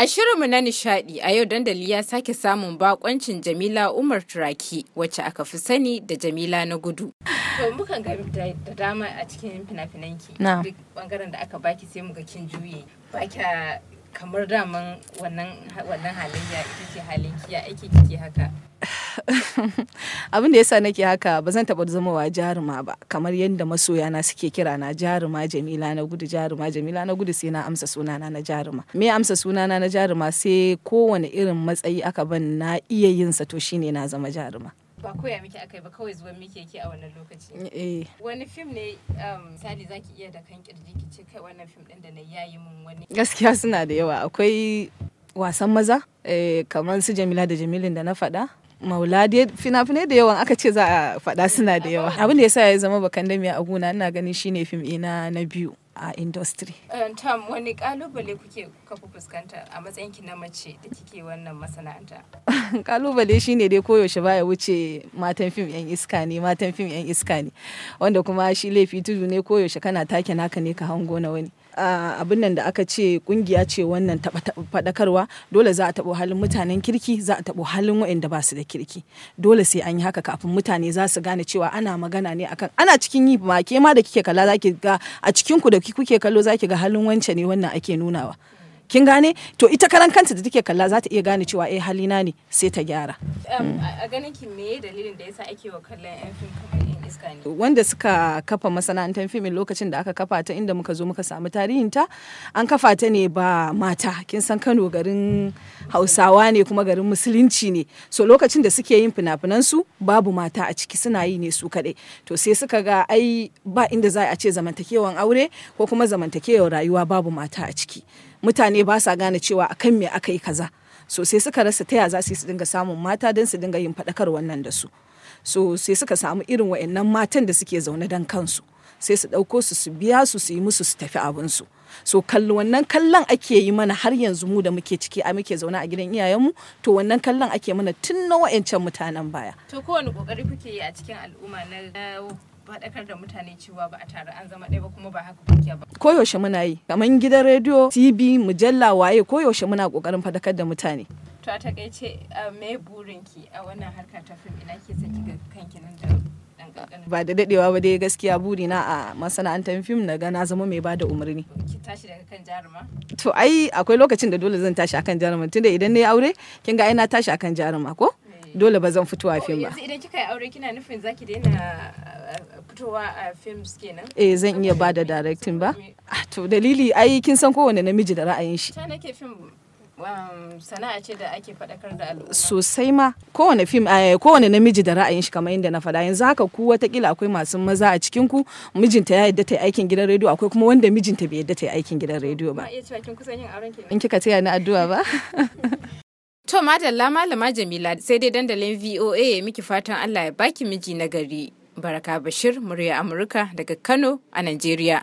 A shirinmu na nishaɗi a yau dandali ya sake samun bakoncin Jamila Umar Turaki wacce aka fi sani da Jamila na gudu. To mukan ga da dama a cikin fina-finanki duk bangaren da aka baki sai mu ga kin juye baka kamar daman wannan halayya ita ce halin ya aiki kike haka. abin da yasa nake haka ba zan taɓa wa jaruma ba kamar yadda masoya na suke kira na jaruma jamila na gudu jaruma jamila na gudu sai na amsa sunana na jaruma me amsa sunana na jaruma sai kowane irin matsayi aka ban na iya yin sa to shine na zama jaruma ba koya miki aka yi ba kawai zuwan miki yake a wannan lokaci eh. wani fim ne um, misali zaki iya da kan kirji ki ce kai wannan fim din da na yayi mun wani gaskiya suna da yawa akwai wasan maza eh, kamar su jamila da jamilin da na faɗa maula fina-finai da yawan aka ce za a faɗa suna da yawa abin da ya sa ya zama bakan damiya a gona ina ganin shine fim ina na biyu a industry. Eh, Tom, wani kalubale kuke kafa fuskanta a matsayin ki na mace da kike wannan masana'anta? kalubale shi ne dai koyaushe baya wuce matan fim yan iska ne, matan fim yan iska ne, wanda kuma shi laifi tudu ne koyaushe kana take naka ne ka hango na wani. abin nan da aka ce kungiya ce wannan fadakarwa dole za a taɓo halin mutanen kirki za a taɓo halin waɗanda ba su da kirki dole sai an yi haka kafin mutane za su gane cewa ana magana ne akan ana cikin yi ma ke ma da kike kala za ki ga a cikin ku da da kuke kallo zaki ga halin wance ne wannan ake nunawa kin gane to ita karan kanta da take kalla za ta iya gane cewa eh halina ne sai ta gyara um, a ganin ki me dalilin da yasa ake wa kallon yan fim kamar wanda suka kafa masana'antar fimin lokacin da aka kafa ta inda muka zo muka samu tarihinta an kafa ta ne ba mata kin san Kano garin Hausawa ne kuma garin musulunci ne so lokacin da suke yin fina su babu mata a ciki suna yi ne su kaɗai to sai suka ga ai ba inda za a ce zamantakewan aure ko kuma zamantakewan rayuwa babu mata a ciki mutane ba sa gane cewa akan me aka yi kaza so sai suka rasa taya za su dinga samun mata don su dinga yin faɗakar wannan da su so sai suka samu irin wa'annan matan da suke zaune dan kansu sai su ɗauko su su biya su su yi musu su tafi abinsu so kalli wannan kallon ake yi mana har yanzu mu da muke ciki a muke zaune a gidan iyayenmu to wannan kallon ake mana tun na wa'ancan mutanen baya to kowane kokari kuke yi a cikin al'umma na faɗakar da mutane cewa ba a tare an zama ɗaya ba kuma ba haka kuke ba. Koyaushe muna yi, kamar gidan rediyo, TV, mujalla waye koyaushe muna ƙoƙarin faɗakar da mutane. to a takaice eh, me burinki a wannan harka ta fim ina ke son ki kanki nan da ba da dadewa ba dai gaskiya buri na a masana'antar fim na gana zama mai bada umarni ki tashi daga kan jaruma to ai akwai lokacin da dole zan tashi akan jaruma tunda idan nayi aure kin ga ina tashi akan jaruma ko eh. dole ba zan fito a oh, fim ba idan kika yi aure kina nufin zaki daina eh, fitowa a fim kenan eh zan iya bada directing ba ah, to dalili ai kin san kowane namiji da ra'ayin shi ta nake fim sana'a ce da ake faɗakar da al'umma sosai ma kowane fim eh, kowane namiji da ra'ayin shi kamar yadda na faɗa yanzu haka ku watakila akwai masu maza a cikin ku mijinta ya yadda ta yi aikin gidan rediyo akwai kuma wanda mijinta bai yadda ta yi aikin gidan rediyo ba in kika taya ni addu'a ba to madalla malama jamila sai dai dandalin voa ya miki fatan allah ya baki miji na gari baraka bashir murya amurka daga kano a nigeria.